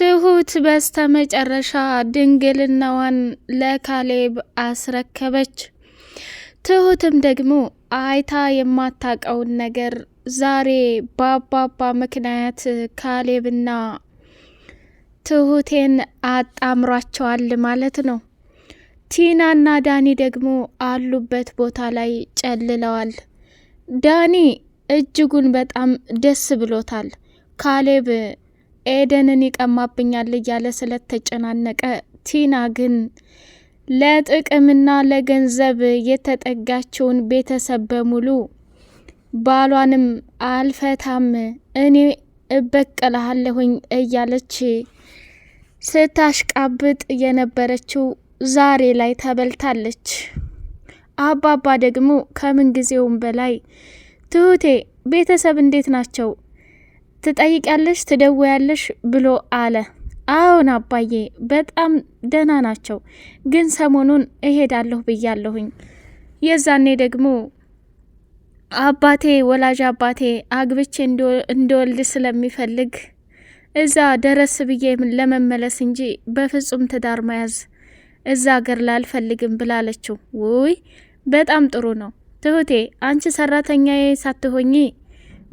ትሁት በስተመጨረሻ ድንግልናዋን ለካሌብ አስረከበች። ትሁትም ደግሞ አይታ የማታቀውን ነገር ዛሬ በአባባ ምክንያት ካሌብና ትሁቴን አጣምሯቸዋል ማለት ነው። ቲናና ዳኒ ደግሞ አሉበት ቦታ ላይ ጨልለዋል። ዳኒ እጅጉን በጣም ደስ ብሎታል ካሌብ ኤደንን ይቀማብኛል እያለ ስለተጨናነቀ ቲና ግን ለጥቅምና ለገንዘብ የተጠጋችውን ቤተሰብ በሙሉ ባሏንም አልፈታም እኔ እበቀልሃለሁኝ እያለች ስታሽቃብጥ የነበረችው ዛሬ ላይ ተበልታለች። አባባ ደግሞ ከምን ጊዜውም በላይ ትሁቴ ቤተሰብ እንዴት ናቸው? ትጠይቂያለሽ፣ ትደውያለሽ ብሎ አለ። አዎን አባዬ በጣም ደህና ናቸው፣ ግን ሰሞኑን እሄዳለሁ ብያለሁኝ። የዛኔ ደግሞ አባቴ ወላጅ አባቴ አግብቼ እንደወልድ ስለሚፈልግ እዛ ደረስ ብዬ ለመመለስ እንጂ በፍጹም ትዳር መያዝ እዛ አገር ላልፈልግም ብላለችው። ውይ በጣም ጥሩ ነው ትሁቴ፣ አንቺ ሰራተኛዬ ሳትሆኚ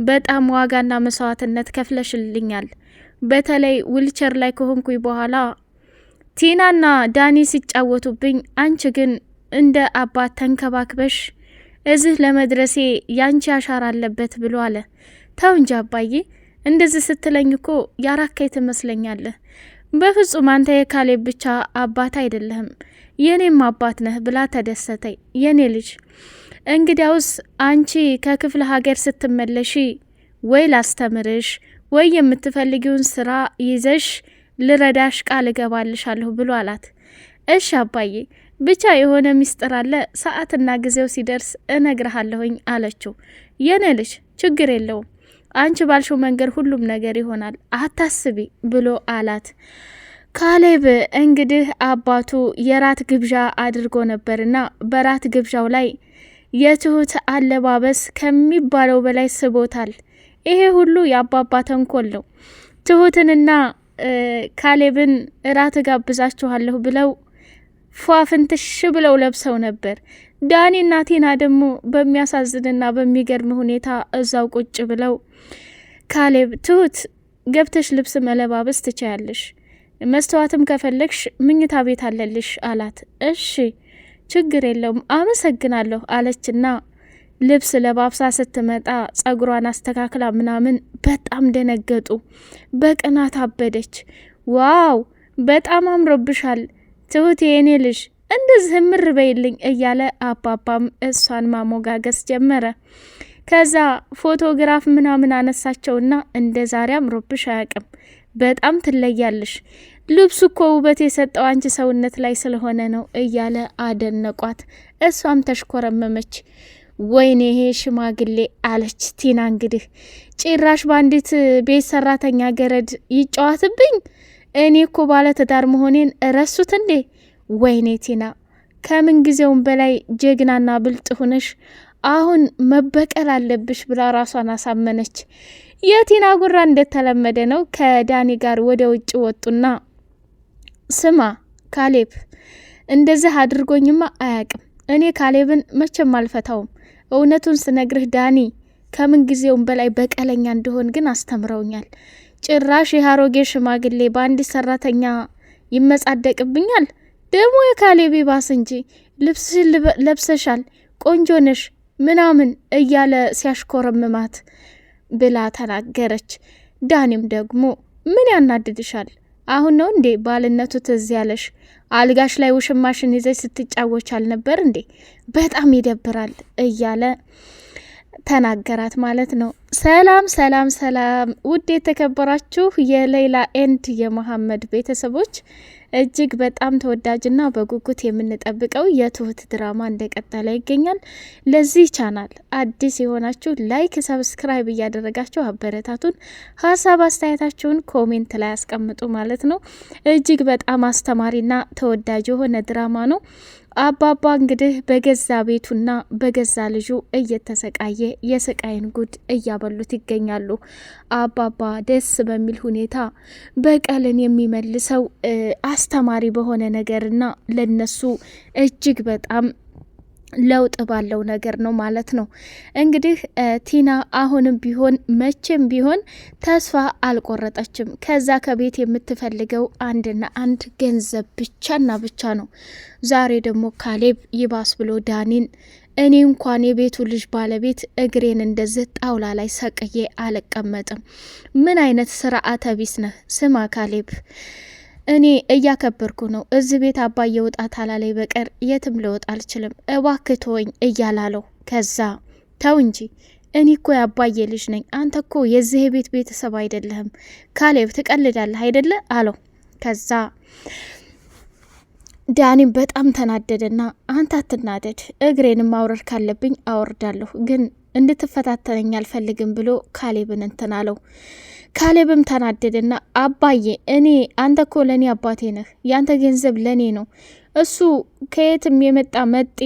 በጣም ዋጋና መስዋዕትነት ከፍለሽልኛል። በተለይ ዊልቸር ላይ ከሆንኩኝ በኋላ ቲናና ዳኒ ሲጫወቱብኝ፣ አንቺ ግን እንደ አባት ተንከባክበሽ እዚህ ለመድረሴ ያንቺ አሻራ አለበት ብሎ አለ። ተው እንጂ አባዬ፣ እንደዚህ ስትለኝ እኮ ያራካይ ትመስለኛለህ። በፍጹም አንተ የካሌብ ብቻ አባት አይደለህም የኔም አባት ነህ ብላ ተደሰተኝ። የኔ ልጅ እንግዲያውስ አንቺ ከክፍለ ሀገር ስትመለሺ ወይ ላስተምርሽ ወይ የምትፈልጊውን ስራ ይዘሽ ልረዳሽ ቃል እገባልሻለሁ ብሎ አላት። እሺ አባዬ፣ ብቻ የሆነ ሚስጥር አለ፣ ሰዓትና ጊዜው ሲደርስ እነግርሃለሁኝ አለችው። የኔ ልጅ ችግር የለውም አንቺ ባልሽው መንገድ ሁሉም ነገር ይሆናል፣ አታስቢ ብሎ አላት። ካሌብ እንግዲህ አባቱ የራት ግብዣ አድርጎ ነበርና በራት ግብዣው ላይ የትሁት አለባበስ ከሚባለው በላይ ስቦታል። ይሄ ሁሉ የአባባ ተንኮል ነው። ትሁትንና ካሌብን እራት ጋብዛችኋለሁ ብለው ፏፍንትሽ ብለው ለብሰው ነበር። ዳኒና ቲና ደግሞ በሚያሳዝንና በሚገርም ሁኔታ እዛው ቁጭ ብለው ካሌብ ትሁት ገብተሽ ልብስ መለባበስ ትችያለሽ፣ መስተዋትም ከፈለግሽ ምኝታ ቤት አለልሽ አላት። እሺ ችግር የለውም አመሰግናለሁ አለችና ልብስ ለባብሳ ስትመጣ ጸጉሯን አስተካክላ ምናምን በጣም ደነገጡ። በቅናት አበደች። ዋው በጣም አምሮብሻል ትሁት የኔ ልጅ እንደዚህ ምር በይልኝ እያለ አባባም እሷን ማሞጋገስ ጀመረ። ከዛ ፎቶግራፍ ምናምን አነሳቸውና እንደ ዛሬ አምሮብሽ አያቅም በጣም ትለያለሽ ልብሱ እኮ ውበት የሰጠው አንቺ ሰውነት ላይ ስለሆነ ነው እያለ አደነቋት። እሷም ተሽኮረመመች። ወይኔ ይሄ ሽማግሌ አለች ቲና። እንግዲህ ጭራሽ በአንዲት ቤት ሰራተኛ ገረድ ይጫወትብኝ። እኔ እኮ ባለ ትዳር መሆኔን እረሱት እንዴ? ወይኔ ቲና፣ ከምን ጊዜውም በላይ ጀግናና ብልጥ ሁነሽ አሁን መበቀል አለብሽ ብላ ራሷን አሳመነች። የቲና ጉራ እንደተለመደ ነው ከዳኒ ጋር ወደ ውጭ ወጡና ስማ ካሌብ፣ እንደዚህ አድርጎኝማ አያቅም። እኔ ካሌብን መቼም አልፈታውም። እውነቱን ስነግርህ ዳኒ ከምን ጊዜውም በላይ በቀለኛ እንደሆን ግን አስተምረውኛል። ጭራሽ የአሮጌ ሽማግሌ በአንድ ሰራተኛ ይመጻደቅብኛል። ደግሞ የካሌብ ባስ እንጂ ልብስሽን ለብሰሻል፣ ቆንጆ ነሽ ምናምን እያለ ሲያሽኮረምማት ብላ ተናገረች። ዳኒም ደግሞ ምን ያናድድሻል? አሁን ነው እንዴ ባልነቱ ትዝ ያለሽ? አልጋሽ ላይ ውሽማሽን ይዘሽ ስትጫወች አልነበር እንዴ? በጣም ይደብራል እያለ ተናገራት ማለት ነው። ሰላም ሰላም ሰላም! ውድ የተከበራችሁ የሌላ ኤንድ የመሐመድ ቤተሰቦች እጅግ በጣም ተወዳጅና በጉጉት የምንጠብቀው የትሁት ድራማ እንደቀጠለ ይገኛል። ለዚህ ቻናል አዲስ የሆናችሁ ላይክ፣ ሰብስክራይብ እያደረጋችሁ አበረታቱን። ሀሳብ አስተያየታችሁን ኮሜንት ላይ ያስቀምጡ ማለት ነው። እጅግ በጣም አስተማሪና ተወዳጅ የሆነ ድራማ ነው። አባባ እንግዲህ በገዛ ቤቱና በገዛ ልጁ እየተሰቃየ የስቃይን ጉድ እያበሉት ይገኛሉ። አባባ ደስ በሚል ሁኔታ በቀልን የሚመልሰው አስተማሪ በሆነ ነገርና ለነሱ እጅግ በጣም ለውጥ ባለው ነገር ነው ማለት ነው። እንግዲህ ቲና አሁንም ቢሆን መቼም ቢሆን ተስፋ አልቆረጠችም። ከዛ ከቤት የምትፈልገው አንድና አንድ ገንዘብ ብቻና ብቻ ነው። ዛሬ ደግሞ ካሌብ ይባስ ብሎ ዳኒን እኔ እንኳን የቤቱ ልጅ ባለቤት እግሬን እንደዚህ ጣውላ ላይ ሰቅዬ አልቀመጥም። ምን አይነት ስርዓተ ቢስ ነህ? ስማ ካሌብ እኔ እያከበርኩ ነው። እዚህ ቤት አባዬ ውጣ ታላላይ በቀር የትም ልወጣ አልችልም፣ እባክህ ተወኝ እያላለው ከዛ ተው እንጂ እኔ እኮ የአባዬ ልጅ ነኝ። አንተ እኮ የዚህ ቤት ቤተሰብ አይደለህም። ካሌብ ትቀልዳለህ አይደለ አለው። ከዛ ዳኒም በጣም ተናደደና አንተ አትናደድ፣ እግሬንም ማውረድ ካለብኝ አወርዳለሁ፣ ግን እንድትፈታተነኝ አልፈልግም ብሎ ካሌብን እንትን አለው። ካሌብም ተናደደና አባዬ እኔ አንተ ኮ ለእኔ አባቴ ነህ፣ ያንተ ገንዘብ ለእኔ ነው። እሱ ከየትም የመጣ መጤ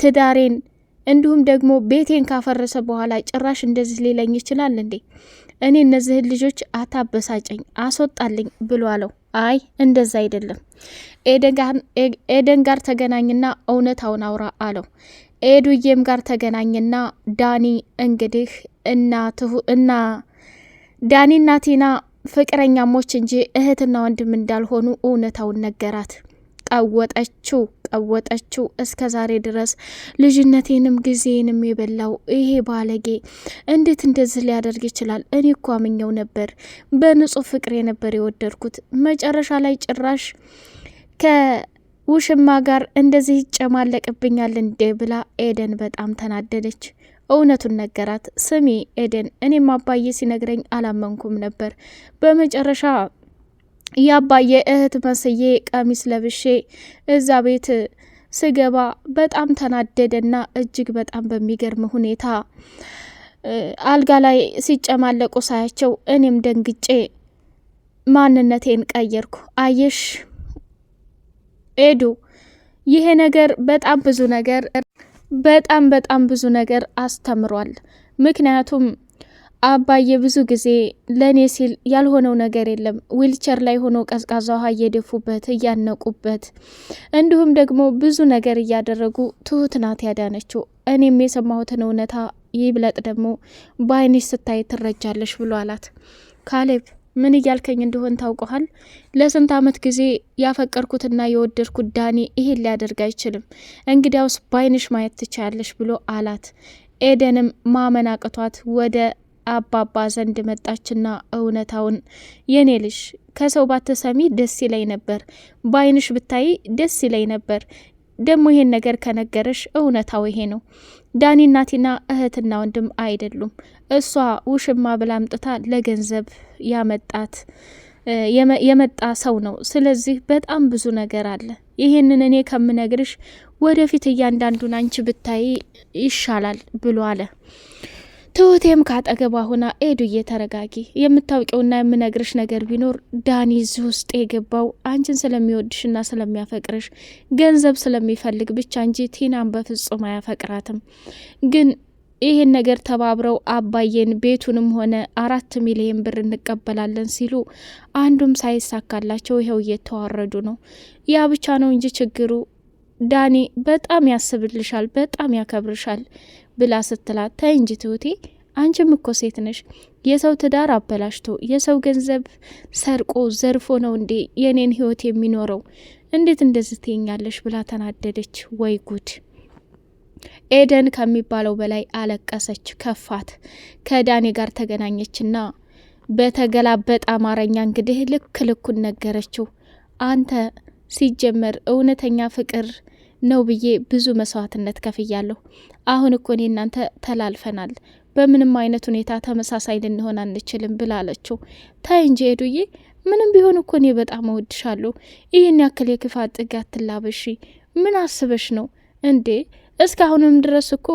ትዳሬን እንዲሁም ደግሞ ቤቴን ካፈረሰ በኋላ ጭራሽ እንደዚህ ሊለኝ ይችላል እንዴ? እኔ እነዚህን ልጆች አታበሳጨኝ፣ አስወጣልኝ ብሎ አለው። አይ እንደዛ አይደለም፣ ኤደን ጋር ተገናኝና እውነታውን አውራ አለው። ኤዱዬም ጋር ተገናኝና ዳኒ እንግዲህ እና ዳኒና ቲና ፍቅረኛሞች እንጂ እህትና ወንድም እንዳልሆኑ እውነታውን ነገራት። ቀወጠችው ቀወጠችው። እስከ ዛሬ ድረስ ልጅነቴንም ጊዜንም የበላው ይሄ ባለጌ እንዴት እንደዚህ ሊያደርግ ይችላል? እኔ እኮ አምኜው ነበር፣ በንጹህ ፍቅሬ ነበር የወደድኩት። መጨረሻ ላይ ጭራሽ ውሽማ ጋር እንደዚህ ይጨማለቅብኛል እንዴ ብላ ኤደን በጣም ተናደደች። እውነቱን ነገራት። ስሚ ኤደን፣ እኔም አባዬ ሲነግረኝ አላመንኩም ነበር። በመጨረሻ የአባዬ እህት መስዬ ቀሚስ ለብሼ እዛ ቤት ስገባ በጣም ተናደደና እጅግ በጣም በሚገርም ሁኔታ አልጋ ላይ ሲጨማለቁ ሳያቸው እኔም ደንግጬ ማንነቴን ቀየርኩ። አየሽ ኤዱ ይሄ ነገር በጣም ብዙ ነገር በጣም በጣም ብዙ ነገር አስተምሯል። ምክንያቱም አባዬ ብዙ ጊዜ ለእኔ ሲል ያልሆነው ነገር የለም። ዊልቸር ላይ ሆኖ ቀዝቃዛ ውሃ እየደፉበት እያነቁበት፣ እንዲሁም ደግሞ ብዙ ነገር እያደረጉ ትሁት ናት ያዳነችው። እኔም የሰማሁትን እውነታ ይብለጥ ደግሞ በአይንሽ ስታይ ትረጃለሽ ብሎ አላት ካሌብ ምን እያልከኝ እንደሆን ታውቀሃል። ለስንት አመት ጊዜ ያፈቀርኩትና የወደድኩት ዳኒ ይሄን ሊያደርግ አይችልም። እንግዲያውስ ባይንሽ ማየት ትችያለሽ ብሎ አላት። ኤደንም ማመን አቅቷት ወደ አባባ ዘንድ መጣችና እውነታውን የኔ ልጅ ከሰው ባተሰሚ ደስ ይለኝ ነበር፣ ባይንሽ ብታይ ደስ ይለኝ ነበር። ደግሞ ይሄን ነገር ከነገረሽ እውነታው ይሄ ነው። ዳኒ እናቴና እህትና ወንድም አይደሉም። እሷ ውሽማ ብላ አምጥታ ለገንዘብ ያመጣት የመጣ ሰው ነው። ስለዚህ በጣም ብዙ ነገር አለ። ይሄንን እኔ ከምነግርሽ ወደፊት እያንዳንዱን አንቺ ብታይ ይሻላል ብሎ አለ። ትሁቴም ካጠገቧ ሆና ኤዱዬ ተረጋጊ፣ የምታውቂውና የምነግርሽ ነገር ቢኖር ዳኒ እዚህ ውስጥ የገባው አንቺን ስለሚወድሽና ስለሚያፈቅርሽ ገንዘብ ስለሚፈልግ ብቻ እንጂ ቲናን በፍጹም አያፈቅራትም። ግን ይህን ነገር ተባብረው አባዬን ቤቱንም ሆነ አራት ሚሊየን ብር እንቀበላለን ሲሉ አንዱም ሳይሳካላቸው ይኸው እየተዋረዱ ነው። ያ ብቻ ነው እንጂ ችግሩ ዳኒ በጣም ያስብልሻል፣ በጣም ያከብርሻል። ብላ ስትላት ታይ እንጂ ትሁቴ አንቺም እኮ ሴት ነሽ። የሰው ትዳር አበላሽቶ የሰው ገንዘብ ሰርቆ ዘርፎ ነው እንዴ የኔን ህይወት የሚኖረው? እንዴት እንደዚህ ትኛለሽ? ብላ ተናደደች። ወይ ጉድ! ኤደን ከሚባለው በላይ አለቀሰች፣ ከፋት። ከዳኔ ጋር ተገናኘችና በተገላበጠ አማርኛ እንግዲህ ልክ ልኩን ነገረችው። አንተ ሲጀመር እውነተኛ ፍቅር ነው ብዬ ብዙ መስዋዕትነት ከፍያለሁ። አሁን እኮ እኔ እናንተ ተላልፈናል፣ በምንም አይነት ሁኔታ ተመሳሳይ ልንሆን አንችልም ብላ አለችው። ታይ እንጂ ሄዱዬ፣ ምንም ቢሆን እኮ እኔ በጣም እወድሻለሁ። ይህን ያክል የክፋት ጥግ አትላበሺ። ምን አስበሽ ነው እንዴ? እስካሁንም ድረስ እኮ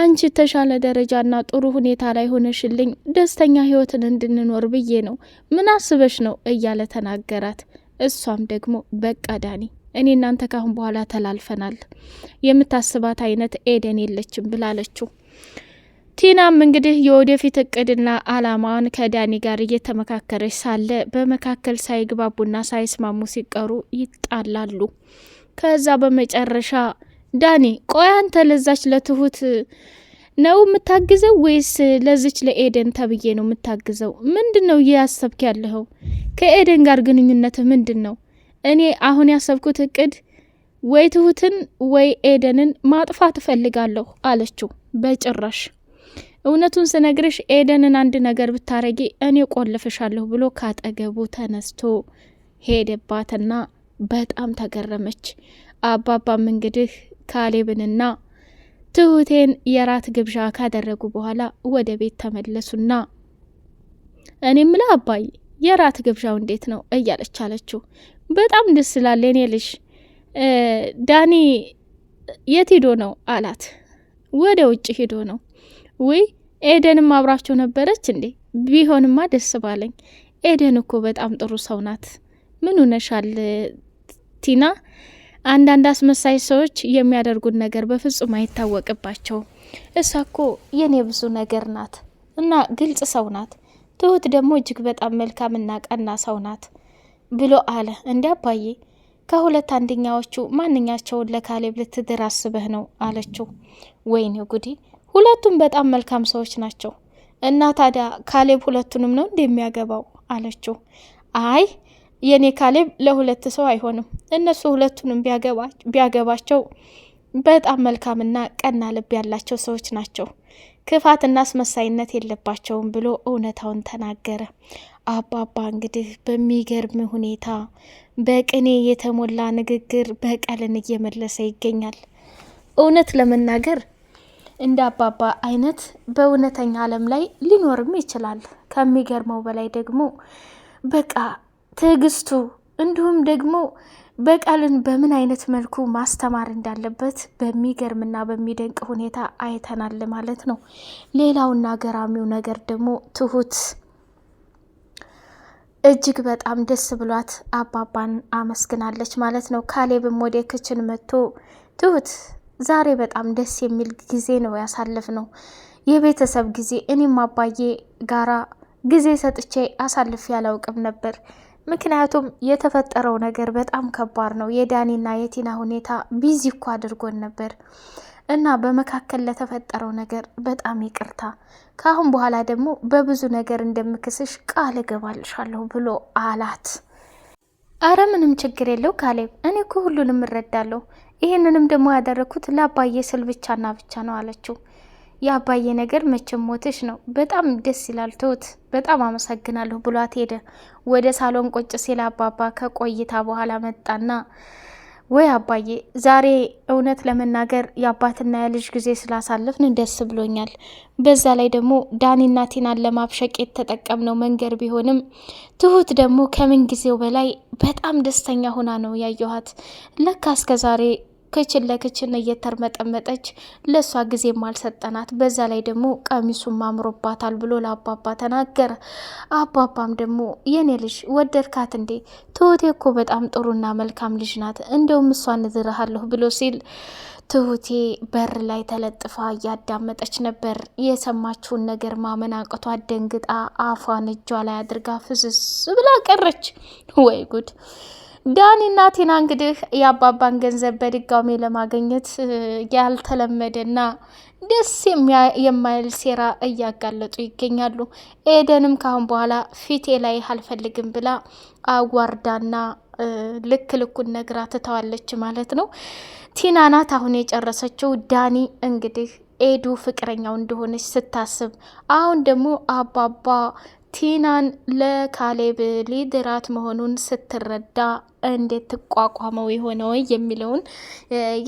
አንቺ የተሻለ ደረጃና ጥሩ ሁኔታ ላይ ሆነሽልኝ ደስተኛ ህይወትን እንድንኖር ብዬ ነው። ምን አስበሽ ነው እያለ ተናገራት። እሷም ደግሞ በቃ ዳኒ እኔ እናንተ ካሁን በኋላ ተላልፈናል፣ የምታስባት አይነት ኤደን የለችም ብላለችው። ቲናም እንግዲህ የወደፊት እቅድና አላማዋን ከዳኒ ጋር እየተመካከረች ሳለ በመካከል ሳይግባቡና ሳይስማሙ ሲቀሩ ይጣላሉ። ከዛ በመጨረሻ ዳኒ ቆይ አንተ ለዛች ለትሁት ነው የምታግዘው ወይስ ለዚች ለኤደን ተብዬ ነው የምታግዘው? ምንድን ነው እያሰብክ ያለኸው? ከኤደን ጋር ግንኙነት ምንድን ነው? እኔ አሁን ያሰብኩት እቅድ ወይ ትሁትን ወይ ኤደንን ማጥፋት እፈልጋለሁ አለችው። በጭራሽ እውነቱን ስነግርሽ ኤደንን አንድ ነገር ብታረጊ እኔ ቆልፍሻለሁ ብሎ ካጠገቡ ተነስቶ ሄደባትና በጣም ተገረመች። አባባም እንግዲህ ካሌብንና ትሁቴን የራት ግብዣ ካደረጉ በኋላ ወደ ቤት ተመለሱና እኔም ላ አባይ የራት ግብዣው እንዴት ነው እያለች አለችው። በጣም ደስ ስላለ እኔ ልሽ ዳኒ የት ሄዶ ነው አላት። ወደ ውጭ ሄዶ ነው። ውይ ኤደንም አብራቸው ነበረች እንዴ? ቢሆንማ ደስ ባለኝ። ኤደን እኮ በጣም ጥሩ ሰው ናት። ምን ሆነሻል ቲና? አንዳንድ አስመሳይ ሰዎች የሚያደርጉት ነገር በፍጹም አይታወቅባቸው። እሷ እኮ የኔ ብዙ ነገር ናት እና ግልጽ ሰው ናት። ትሁት ደግሞ እጅግ በጣም መልካምና ቀና ሰው ናት። ብሎ አለ። እንዲ አባዬ ከሁለት አንደኛዎቹ ማንኛቸውን ለካሌብ ልትድር አስበህ ነው አለችው። ወይኔ ጉዲ፣ ሁለቱም በጣም መልካም ሰዎች ናቸው። እና ታዲያ ካሌብ ሁለቱንም ነው እንደሚያገባው አለችው። አይ የእኔ ካሌብ ለሁለት ሰው አይሆንም። እነሱ ሁለቱንም ቢያገባቸው በጣም መልካምና ቀና ልብ ያላቸው ሰዎች ናቸው። ክፋትና አስመሳይነት የለባቸውም ብሎ እውነታውን ተናገረ። አባባ እንግዲህ በሚገርም ሁኔታ በቅኔ የተሞላ ንግግር በቀልን እየመለሰ ይገኛል። እውነት ለመናገር እንደ አባባ አይነት በእውነተኛ ዓለም ላይ ሊኖርም ይችላል። ከሚገርመው በላይ ደግሞ በቃ ትዕግስቱ፣ እንዲሁም ደግሞ በቀልን በምን አይነት መልኩ ማስተማር እንዳለበት በሚገርምና በሚደንቅ ሁኔታ አይተናል ማለት ነው። ሌላውና ገራሚው ነገር ደግሞ ትሁት እጅግ በጣም ደስ ብሏት አባባን አመስግናለች ማለት ነው። ካሌብም ወደ ክችን መጥቶ ትሁት ዛሬ በጣም ደስ የሚል ጊዜ ነው ያሳለፍ ነው የቤተሰብ ጊዜ። እኔም አባዬ ጋራ ጊዜ ሰጥቼ አሳልፍ ያላውቅም ነበር ምክንያቱም የተፈጠረው ነገር በጣም ከባድ ነው። የዳኒና የቲና ሁኔታ ቢዚ እኮ አድርጎን ነበር። እና በመካከል ለተፈጠረው ነገር በጣም ይቅርታ፣ ከአሁን በኋላ ደግሞ በብዙ ነገር እንደምክስሽ ቃል እገባልሻለሁ ብሎ አላት። አረ ምንም ችግር የለው ካሌብ፣ እኔ እኮ ሁሉንም እረዳለሁ። ይህንንም ደግሞ ያደረግኩት ለአባዬ ስል ብቻና ብቻ ነው አለችው። የአባዬ ነገር መቼም ሞትሽ ነው። በጣም ደስ ይላል ትሁት፣ በጣም አመሰግናለሁ ብሏት ሄደ። ወደ ሳሎን ቁጭ ሲል አባባ ከቆይታ በኋላ መጣና ወይ አባዬ ዛሬ እውነት ለመናገር የአባትና የልጅ ጊዜ ስላሳለፍን ደስ ብሎኛል። በዛ ላይ ደግሞ ዳኒና ቲናን ለማብሸቅ የተጠቀምነው መንገድ ቢሆንም ትሁት ደግሞ ከምን ጊዜው በላይ በጣም ደስተኛ ሆና ነው ያየኋት። ለካ እስከ ዛሬ ክችን ለክችን እየተርመጠመጠች ለእሷ ጊዜም አልሰጠናት። በዛ ላይ ደግሞ ቀሚሱም አምሮባታል ብሎ ለአባባ ተናገረ። አባባም ደግሞ የኔ ልጅ ወደድካት እንዴ? ትሁቴ እኮ በጣም ጥሩና መልካም ልጅ ናት፣ እንደውም እሷ እድርሃለሁ ብሎ ሲል ትሁቴ በር ላይ ተለጥፋ እያዳመጠች ነበር። የሰማችውን ነገር ማመን አቅቷ ደንግጣ አፏን እጇ ላይ አድርጋ ፍስስ ብላ ቀረች። ወይ ጉድ! ዳኒና ቲና እንግዲህ የአባባን ገንዘብ በድጋሜ ለማግኘት ያልተለመደና ደስ የማይል ሴራ እያጋለጡ ይገኛሉ። ኤደንም ካሁን በኋላ ፊቴ ላይ አልፈልግም ብላ አዋርዳና ልክ ልኩን ነግራ ትተዋለች ማለት ነው። ቲና ናት አሁን የጨረሰችው። ዳኒ እንግዲህ ኤዱ ፍቅረኛው እንደሆነች ስታስብ አሁን ደግሞ አባባ ቲናን ለካሌብ ሊድራት መሆኑን ስትረዳ እንዴት ትቋቋመው የሆነው የሚለውን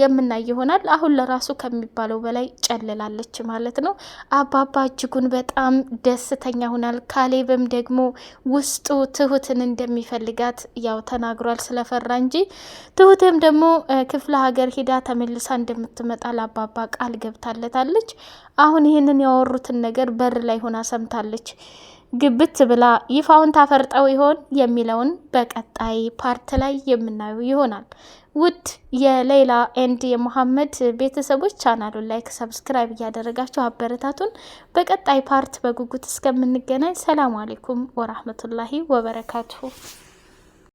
የምናይ ይሆናል። አሁን ለራሱ ከሚባለው በላይ ጨልላለች ማለት ነው። አባባ እጅጉን በጣም ደስተኛ ሆናል። ካሌብም ደግሞ ውስጡ ትሁትን እንደሚፈልጋት ያው ተናግሯል፣ ስለፈራ እንጂ ትሁትም ደግሞ ክፍለ ሀገር ሂዳ ተመልሳ እንደምትመጣ ለአባባ ቃል ገብታለታለች። አሁን ይህንን ያወሩትን ነገር በር ላይ ሆና ሰምታለች። ግብት ብላ ይፋውን ታፈርጠው ይሆን የሚለውን በቀጣይ ፓርት ላይ የምናየው ይሆናል። ውድ የሌላ ኤንድ የመሐመድ ቤተሰቦች ቻናሉን ላይክ፣ ሰብስክራይብ እያደረጋችሁ አበረታቱን። በቀጣይ ፓርት በጉጉት እስከምንገናኝ ሰላም አሌይኩም ወራህመቱላሂ ወበረካቱሁ።